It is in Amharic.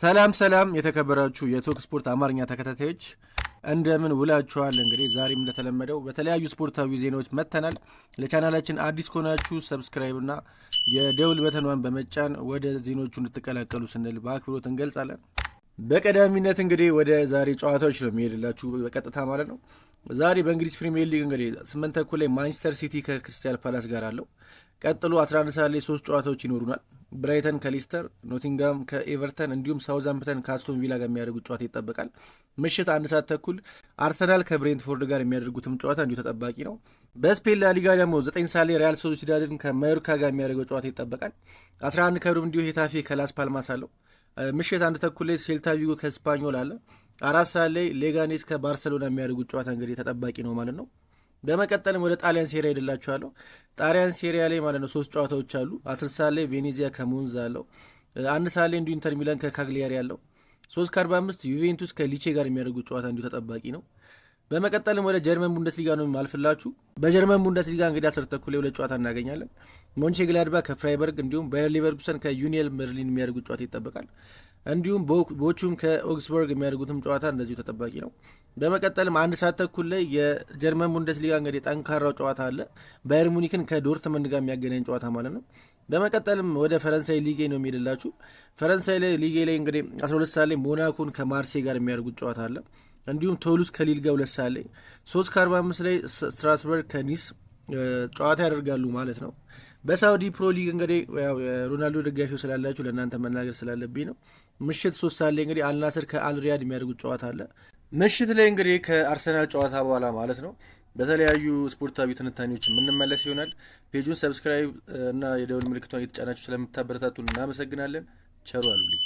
ሰላም ሰላም የተከበራችሁ የቶክ ስፖርት አማርኛ ተከታታዮች እንደምን ውላችኋል? እንግዲህ ዛሬም እንደተለመደው በተለያዩ ስፖርታዊ ዜናዎች መጥተናል። ለቻናላችን አዲስ ከሆናችሁ ሰብስክራይብና የደውል በተኗን በመጫን ወደ ዜናዎቹ እንድትቀላቀሉ ስንል በአክብሮት እንገልጻለን። በቀዳሚነት እንግዲህ ወደ ዛሬ ጨዋታዎች ነው የሚሄድላችሁ በቀጥታ ማለት ነው። ዛሬ በእንግሊዝ ፕሪሚየር ሊግ እንግዲህ ስምንት ተኩል ላይ ማንቸስተር ሲቲ ከክሪስታል ፓላስ ጋር አለው። ቀጥሎ 11 ሰዓት ላይ ሶስት ጨዋታዎች ይኖሩናል። ብራይተን ከሊስተር፣ ኖቲንጋም ከኤቨርተን እንዲሁም ሳውዛምፕተን ከአስቶን ቪላ ጋር የሚያደርጉት ጨዋታ ይጠበቃል። ምሽት አንድ ሰዓት ተኩል አርሰናል ከብሬንትፎርድ ጋር የሚያደርጉትም ጨዋታ እንዲሁ ተጠባቂ ነው። በስፔን ላሊጋ ደግሞ ዘጠኝ ሳሌ ሪያል ሶሲዳድን ከማዮርካ ጋር የሚያደርገው ጨዋታ ይጠበቃል። 11 ከሩብ እንዲሁ ሄታፌ ከላስ ፓልማስ አለው። ምሽት አንድ ተኩል ላይ ሴልታ ቪጎ ከስፓኞል አለ። አራት ሰዓት ላይ ሌጋኔስ ከባርሰሎና የሚያደርጉት ጨዋታ እንግዲህ ተጠባቂ ነው ማለት ነው። በመቀጠልም ወደ ጣሊያን ሴሪያ ሄድላችኋለሁ። ጣሊያን ሴሪያ ላይ ማለት ነው ሶስት ጨዋታዎች አሉ። አስር ሰዓት ላይ ቬኔዚያ ከሞንዛ አለው። አንድ ሰዓት ላይ እንዲሁ ኢንተር ሚላን ከካግሊያሪ አለው። ሶስት ከአርባ አምስት ዩቬንቱስ ከሊቼ ጋር የሚያደርጉት ጨዋታ እንዲሁ ተጠባቂ ነው። በመቀጠልም ወደ ጀርመን ቡንደስሊጋ ነው የማልፍላችሁ። በጀርመን ቡንደስሊጋ እንግዲህ አስር ተኩል ሁለት ጨዋታ እናገኛለን። ሞንቼ ግላድባ ከፍራይበርግ እንዲሁም ባየር ሊቨርኩሰን ከዩኒየል መርሊን የሚያደርጉት ጨዋታ ይጠበቃል። እንዲሁም ቦቹም ከኦግስበርግ የሚያደርጉትም ጨዋታ እንደዚሁ ተጠባቂ ነው። በመቀጠልም አንድ ሰዓት ተኩል ላይ የጀርመን ቡንደስሊጋ እንግዲህ ጠንካራው ጨዋታ አለ። ባየር ሙኒክን ከዶርትመንድ ጋር የሚያገናኝ ጨዋታ ማለት ነው። በመቀጠልም ወደ ፈረንሳይ ሊጌ ነው የሚሄድላችሁ። ፈረንሳይ ላይ ሊጌ ላይ እንግዲህ 12 ሰዓት ላይ ሞናኮን ከማርሴ ጋር የሚያደርጉት ጨዋታ አለ። እንዲሁም ቶሉስ ከሊል ጋር ሁለት ሰዓት ላይ፣ 3 ከ45 ላይ ስትራስበርግ ከኒስ ጨዋታ ያደርጋሉ ማለት ነው። በሳውዲ ፕሮ ሊግ እንግዲህ ሮናልዶ ደጋፊው ስላላችሁ ለእናንተ መናገር ስላለብኝ ነው። ምሽት ሶስት ሳለ እንግዲህ አልናስር ከአልሪያድ የሚያደርጉት ጨዋታ አለ። ምሽት ላይ እንግዲህ ከአርሰናል ጨዋታ በኋላ ማለት ነው በተለያዩ ስፖርታዊ ትንታኔዎች የምንመለስ ይሆናል። ፔጁን ሰብስክራይብ እና የደውል ምልክቷን እየተጫናችሁ ስለምታበረታቱን እናመሰግናለን። ቸሩ አሉልኝ።